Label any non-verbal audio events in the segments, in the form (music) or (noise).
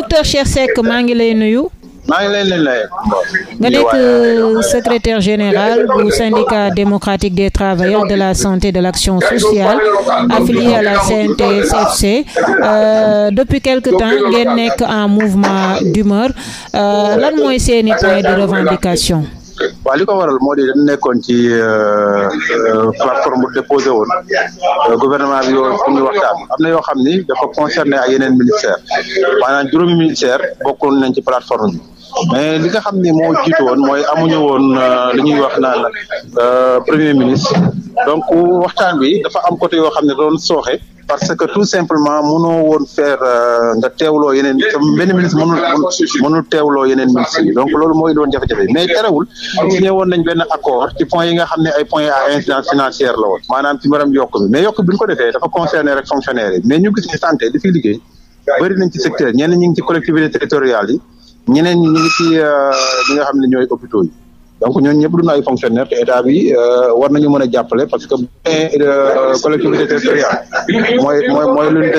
docteur Cheikh Seck maa ngi lay nuyu. maa ngi leen lay nga nekk euh, secrétaire général bu syndicat démocratique des travailleurs de la santé de l'action sociale affilié à la CNTS/FC euh, depuis quelque temps ngeen nekk en mouvement d'humeur euh, lan mooy seeni point de revendication waaw li ko waral moo di dañ nekkoon ci euh, euh, plateforme bu déposé woon euh, gouvernement bi yoo pour ñu waxtaan am na yoo xam ni dafa concerné ak yeneen ministère maanaam juróomi ministère bokkoon nañ ci plateforme mais li nga xam ni moo jiitu woon mooy amuñu woon li ñuy wax naan premier ministre donc waxtaan bi dafa am côté yoo xam ne doon sooxe parce que tout simplement mënoo woon faire euh, nga teewloo yeneen benn ministre mënul mënul teewloo yeneen ministres yi donc loolu moo indi jafe-jafe mais terewul signé woon nañ benn accord ci points yi nga xam ne ay points à incidence maanaam ci mais yokk bi ñu ko defee dafa concerné rek fonctionnaires yi mais ñu gis ni santé li fiy liggéey ñeneen ñi ngi ci collectivité territoriale yi ñeneen ñi ngi ci euh, ñi nga xam ne ñooy hôpitaux donc ñooñu ñëpp duñu ay fonctionnaire te état bi euh, war nañu mën a jàppale parce que beneen euh, collectivité territoriale mooy mooy mooy lu ñu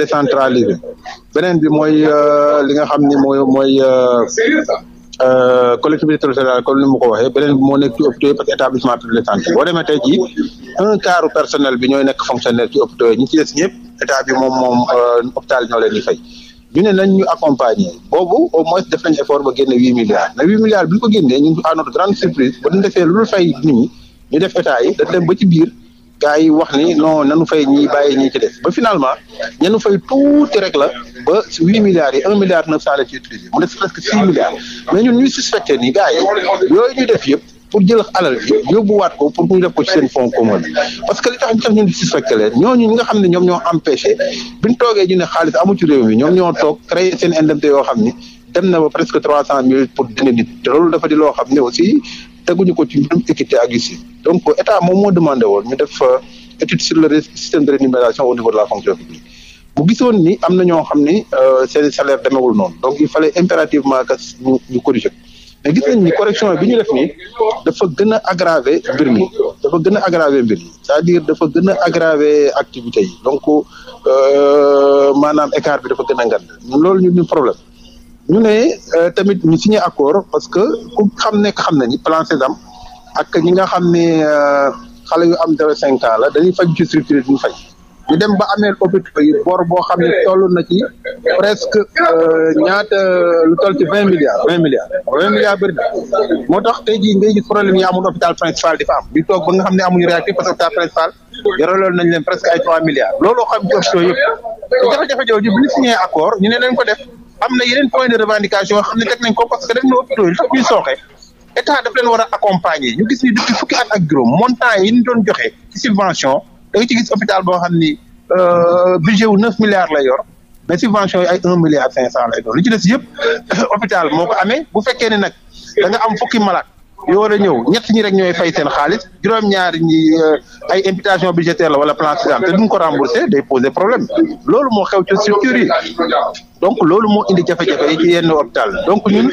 décentralisé beneen bi mooy euh, li nga xam ni mooy mooy collectivité territoriale comme ni ma ko waxee beneen bi moo nekk ci hôpitaux yi parce que établissement public de santé boo demee tey un quart personnel bi ñooy nekk fonctionnaire ci hôpitaux yi ñu ci des ñëpp état bi moom moom hôpital ñoo leen di fay ñu ne nañ ñu accompagner boobu au moins def nañ effort ba génne huit milliards na huit milliards bi ñu ko génnee ñun à notre grande surprise ba ñu defee lu dul fay nit ñu def état yi dañ ba ci biir gars yi wax ni non nanu fay ñi bàyyi ñi ci def ba finalement ñanu fay tuuti rek la ba huit milliards yi un milliard neuf cent la ci utilisé mu des presque six milliards mais ñun ñuy suspecté ni gars yi yooyu ñu def yëpp. pour jël alal yóbbuwaat ko pour mu def ko ci seen fonds commun parce que li tax ñu tax ñun suspecté leen ñooñu nga xam ne ñoom ñoo empêché bi ñu toogee ñu ne xaalis amu ci réew mi ñoom ñoo toog créé seen indemnité yoo xam ni dem na ba presque trois cent mille pour dindi nit te loolu dafa di loo xam ne aussi teguñu ko ci mbirum équité ak donc état moom moo demandé woon ñu def euh, étude sur le système de rémunération au niveau de la fonction publique bu gisoon ni am na ñoo xam ni euh, seen salaire demewul noonu donc il fallait impérativement que ñu corriger mais gis nañ correction bi ñu def nii dafa gën a aggraver mbir mi dafa gën a aggraver mbir mi cest dire dafa gën a aggraver activité yi donc euh, maanaam écart bi dafa gën a ngand loolu ñu problème ñu ne euh, tamit ñu signé accord parce que ku xam nekk xam na ni plan Sésame ak ñi nga xam ne euh, xale yu am dara cinq ans la dañuy faj ci structure bi ñu faj ñu dem ba amee hôpitaux yi boo xam ne toll na ci presque euh, ñaata lu toll ci vingt milliards vingt milliards vingt milliards bëri na moo tax tey jii ngay gis problème am di toog ba nga xam ne amuñu réactif parce que hôpital principal yoraloon nañ leen presque ay trois milliards looloo xam ñu accord ñu ne leen ko def am na yeneen point de revendication yoo xam ne teg nañ ko parce que def na hôpitaux yi li tax ñuy sooxe état daf leen war a accompagner ñu gis ni depuis fukki at ak juróom montant yi ñu doon joxe ci subvention da ci gis hôpital boo xam ni euh, budget wu neuf milliards lay yor mais subvention yi ay un milliard cinq cent lay doon lu ci des yëpp (coughs) hôpital moo ko amee bu fekkee ne nag da am fukki malade yoo war ñëw ñett ñi rek ñooy fay seen xaalis juróom-ñaar ñi euh, ay imputation budgétaire la wala plan Sésame te duñ ko remboursé day poser problème loolu moo xew ci structure yi donc loolu moo indi jafe-jafe yi ci yenn hôpital donc ñun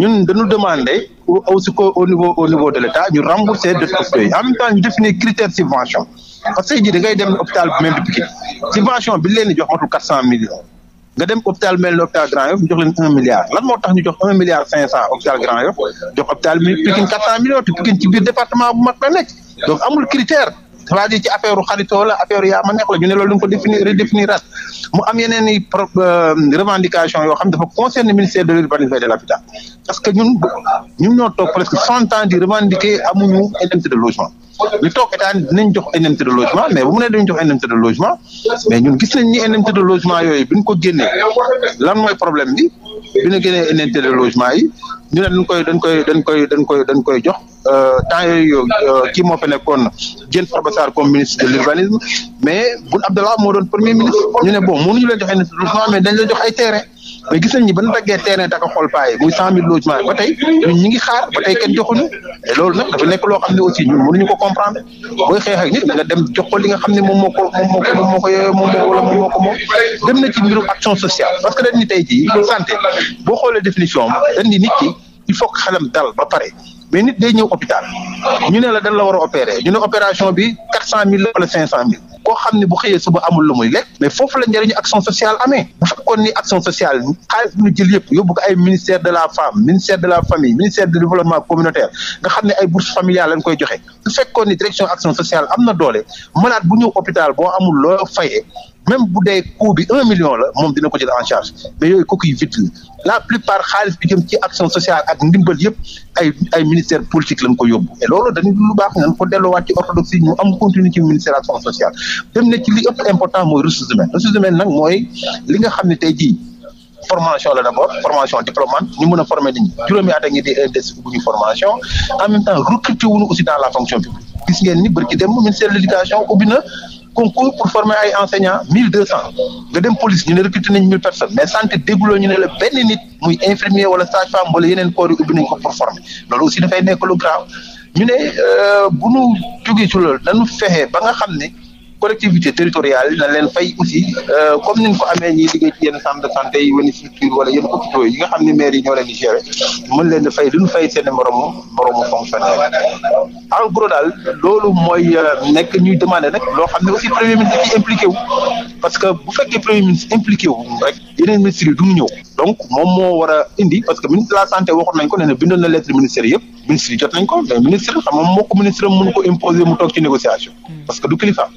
ñun dañu demander aussi au niveau au niveau de l' état ñu rembourser de parce que tey jii da ngay dem hôpital bu mel ni Pikine subvention bi leen di jox matul quatre cent millions nga dem hôpital mel ni hôpital Grand Yoff ñu leen un milliard lan moo tax ñu jox un milliard cinq cent hôpital Grand Yoff jox hôpital millions te Pikine ci biir département bu mag la nekk donc amul critère cest affaire xaritoo affaire yaa neex la ñu ne ko définir mu am i euh, revendication yoo xam dafa concerne ministère de presque cent di revendiquer amuñu indemnité de logement ñu toog état dinañ jox indemnité de logement mais bu mu ne dañu jox indemnité de logement mais ñun gis nañ ni indemnité de logement yooyu bi ñu ko génnee lan mooy problème bi bi ñu génnee de logement yi ñu ne dañ koy dañ koy dañ koy dañ koy dañ koy jox euh, temps yooyu euh, kii moo fi nekkoon Diène Farba Sarr comme ministre de l'urbanisme mais Boun Abdallah moo doon premier ministre ñu ne bon mënuñu leen jox indemnité logement mais dañ leen jox ay terrain mais gis nañu ba ñu daggee terrain taka xool paay muy cent mille logement ba tey ñu ngi xaar ba tey kenn joxuñu loolu nag dafa nekk loo xam ne aussi ñun mënuñu ko comprendre booy xeex ak nit da nga dem jox ko li nga xam ne moom moo ko moom moo ko moom moo moom moo wala moom moo ko moom dem na ci mbirum action tey jii boo xoolee définition dañ ni nit ki il faut dal ba pare mais nit day ñëw hôpital ñu ne la dal la war a ñu ne opération bi quatre cent mille la wala cinq cent mille koo xam ne bu xëyee suba amul lu muy lekk mais foofu la njëriñu action sociale amee bu fekkoon ni action sociale xaalis bi jël yëpp yóbbu ko ay ministère de la femme ministère de la famille ministère du développement communautaire nga xam ne ay bourses familiales lañ koy joxe su fekkoon ni direction action sociale am na doole malade bu ñëw hôpital boo amul loo faye même bu dee coût bi un million la moom dina ko jël en charge mais yooyu coquille vide la la plupart xaalis bi jëm ci action sociale ak ndimbal yëpp ay ay ministère politique lañ ko yóbbu et loolu dañu lu baax nañ ko delloowaat ci orthodoxie ñu am continuer ci ministère action sociale dem na ci li ëpp important mooy ressources nag mooy li nga xam ne tey jii formation la d'abord formation diplômante ñu mën a former nit ñi juróomi at a ngi di e des formation en même temps recruter wuñu aussi dans la fonction publique gis ni bërki dem ministère de na concours pour former ay enseignants mille deux cent nga dem police ñu ne recruter nañ mille personnes mais ñu ne la benn nit muy infirmier wala sage-femme wala yeneen corps yu ubbi nañ ko pour former loolu aussi dafay nekk lu grave ñu ne euh, bu ñu jógee ci loolu dañu fexe ba nga xam ne collectivité territoriale yi na leen fay aussi euh, comme ni ñu ko amee ñiy liggéey ci yenn centre de santé yi wala structure wala yenn hôpitaux nga xam ne maire ñoo leen di gérer leen fay lu ñu fay seen moromu moromu fonctionnaire en gros daal loolu mooy euh, nekk ñuy demander loo xam ne aussi premier ministre ci impliqué parce que bu fekkee premier ministre impliqué rek yeneen ministres du ñëw donc moom moo war a indi parce que ministre la santé waxoon nañ ko nee na bindoon na lettre ministère yëpp ministres yi jot nañ ko mais ministre xam nga moo ko ministre mënu ko imposer mu toog ci négociation parce que du kilifa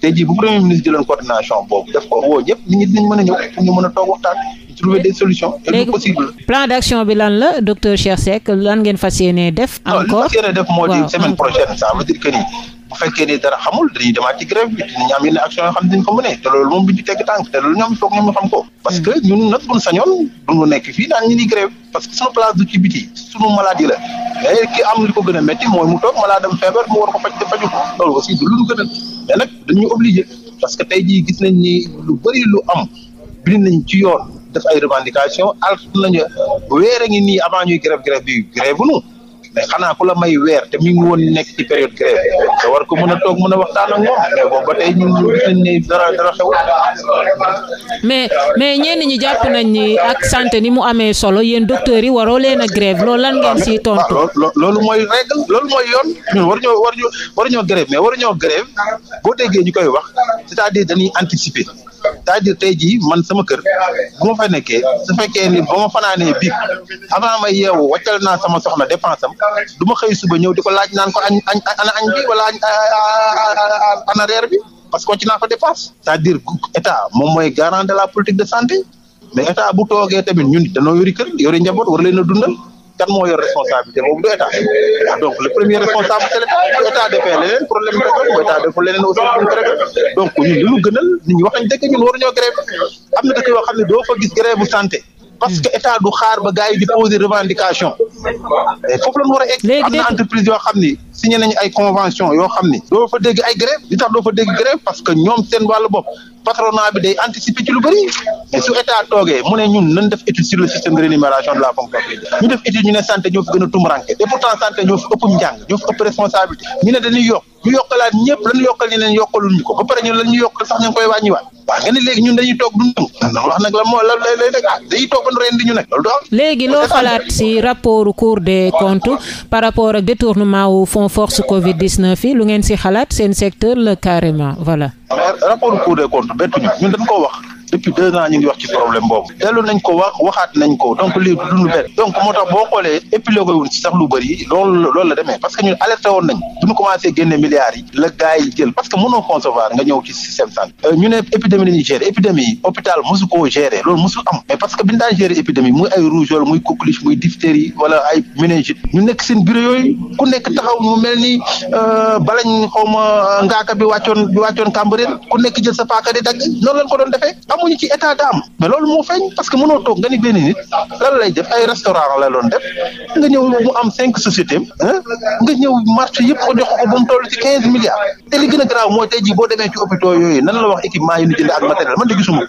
tey jii bu premier ministre jëloon coordination boobu def ko woo ñëpp nit ñi dinañ trouver des solutions et le possible. bi lan la docteur Cheikh Seck lan ngeen fas yéenee def. encore non li semaine prochaine ça veut dire que ni bu fekkee ni dara xamul dañuy ci grève bi dinañ am yenn action yoo xam ne dañ ko mënee te loolu moom bi di teg tànk te loolu que ñu xam ko. parce que hmm. ñun nag buñ sañoon duñu nekk fii naan ñu ni grève parce que suñu place du ci biti suñu maladie la ki am li ko gën a métti mooy mu toog malade am feebar mu war ko faj te faju loolu aussi du lu nag dañu obligé parce que tey jii gis nañ ni lu bëri lu am bind nañ yoon. def ay revendication alt nañu weer a ngi nii avant ñuy grève grève bi grève nu mais xanaa ku la may weer te mi ngi woon nekk i période grève war ko mën a toog mën a waxtaan ak moom mais boobu ba tey ñun gis nañ ne dara mais mais ñenn ñi jàpp nañ ni ak sante ni mu amee solo yéen docteurs yi waroo leen a grève loolu lan ngeen siy ah, tontu. loolu mooy règle loolu mooy yoon ñun waruñoo waruñoo waruñoo grève mais waruñoo grève boo déggee ñu koy wax c'est-à-dire dañuy anticiper. c'est-à-dire tey jii man sama kër bu ma fa nekkee su fekkee ni ba ma fanaanee biig avant ma yeew wàccal naa sama soxna dépense am du ma xëy suba ñëw di ko laaj naan ko añ añ ana añ bi wala ana reer bi parce que ci naa fa dépense cest diir dire état moom mooy garant de la politique de santé mais état bu toogee tamit ñun dañoo yori kër yori njaboot war leen a dundal kan moo yor responsabilité boobu du état ah, donc le premier responsable c'est l'état bu état defee leneen problème bi rek bu état deful leneen aussi duñ rek donc ñun li ñu gënal nit ñi wax nañ dëgg ñun waruñoo grève am na dëkk yoo xam ne doo gis grève santé. parce que état du xaar ba gars yi revendication. foofu la ñu war a am na entreprise xam ni. signé nañu ay convention yoo xam ni doo fa dégg ay grève parce que ñoom seen wàllu bopp patronat bi day anticiper ci lu bëri mais su état toogee mu ne ñun nañ def étude sur le système def gën a tumuranke et pourtant santé ñoo ëpp njàng ñoo ëpp responsabilité ñu ne dañuy yokk ñu yokkalaat ñëpp lañu yokkal ñu leen ñu ko ba pare ñu lañu yokkal sax ñu koy wàññiwaat waaw nga léegi ñun dañuy toog dund ah léegi loo xalaat ci rapport Cour des comptes par fonds force Covid 19 yi lu ngeen si xalaat seen secteur la carrément voilà. rapport Cour des comptes bettuñu ñun dañ koo wax. depuis deux ans ñu ngi wax problème boobu dellu nañ ko waxaat nañ ko donc lii du lu donc moo tax boo xoolee épilogué wuñ sax lu bëri loolu loolu la demee parce que ñun alerté woon nañ bu ñu commencé génne milliards yi la gars yi jël parce que mënoo concevoir nga ñëw ci système santé euh, ñu ne épidémie la ñuy gérer hôpital mosu koo gérer loolu mosu am mais parce que bi ñu daan gérer épidémie muy ay rougeole muy coqueluche wala ay méningite ñu nekk seen bureau ku nekk euh, sa paaka di dagg noonu lañ ko doon defee yemuñu ci état d'âme mais loolu moo feeñ parce que mënoo toog nga ni benn nit lan lay def ay restaurant la doon nga ñëw mu am cinq sociétés nga ñëw marché yëpp ko jox ko ba mu toll ci quinze milliards te li gën mooy tey jii boo demee ci hôpitaux yooyu nan la wax équipement yi ñu jënd ak matériel man de gisuma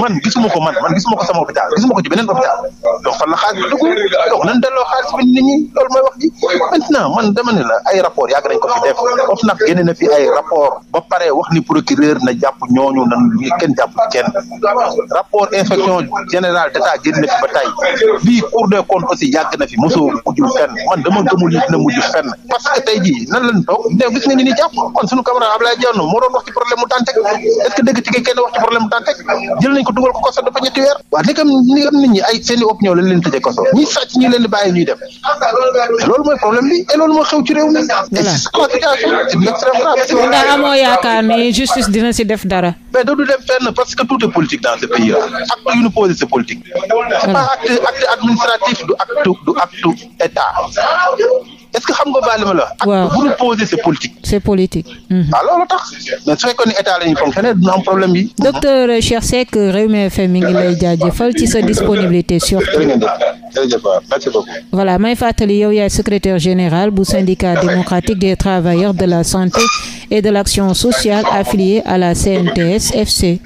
man gisuma ko man man gisuma ko sama hôpital gisuma ko ci beneen hôpital donc fan la xaalis bi dugg donc nan delloo xaalis bi nit ñi loolu mooy wax man dama ne la ay rapport yàgg nañ ko fi def of nag génne na fi ay rapport ba pare wax ni procureur na jàpp ñooñu nan kenn jàpp kenn rapport inspection générale d'état génn na fi ba tey bii cour des comptes aussi yàgg na fi mosoo mujjul fenn man dama gëmul ni dina mujj fenn parce que tey jii nan lañ ko dugal ko koso dafa ñetti weer waa léegi am nit ñi ay seen opinion lañ leen tëjee koso ñi sàcc ñi leen di bàyyi ñuy dem loolu mooy problème bi et loolu moo xew ci réew mi situation yaakaar ni justice dina si def dara mais doodu dem fenn parce que que tout est politique dans ce pays là acte yu ñu posé c'est politique c'est pas acte acte administratif du acte du acte état est-ce que xam nga baal ma la acte bu ñu posé c'est politique c'est politique waaw mhm. ah, loolu tax mais su fekkoon ne état la ñuy fonctionner dina am problème yi mhm. docteur Cheikh Seck Rewmi FM mi ngi lay jaajëfal ci sa disponibilité surtout jërëjëf merci beaucoup voilà may fàttali yow yaay secrétaire général bu syndicat démocratique des travailleurs de la santé et de l'action sociale affiliée à la CNTS-FC.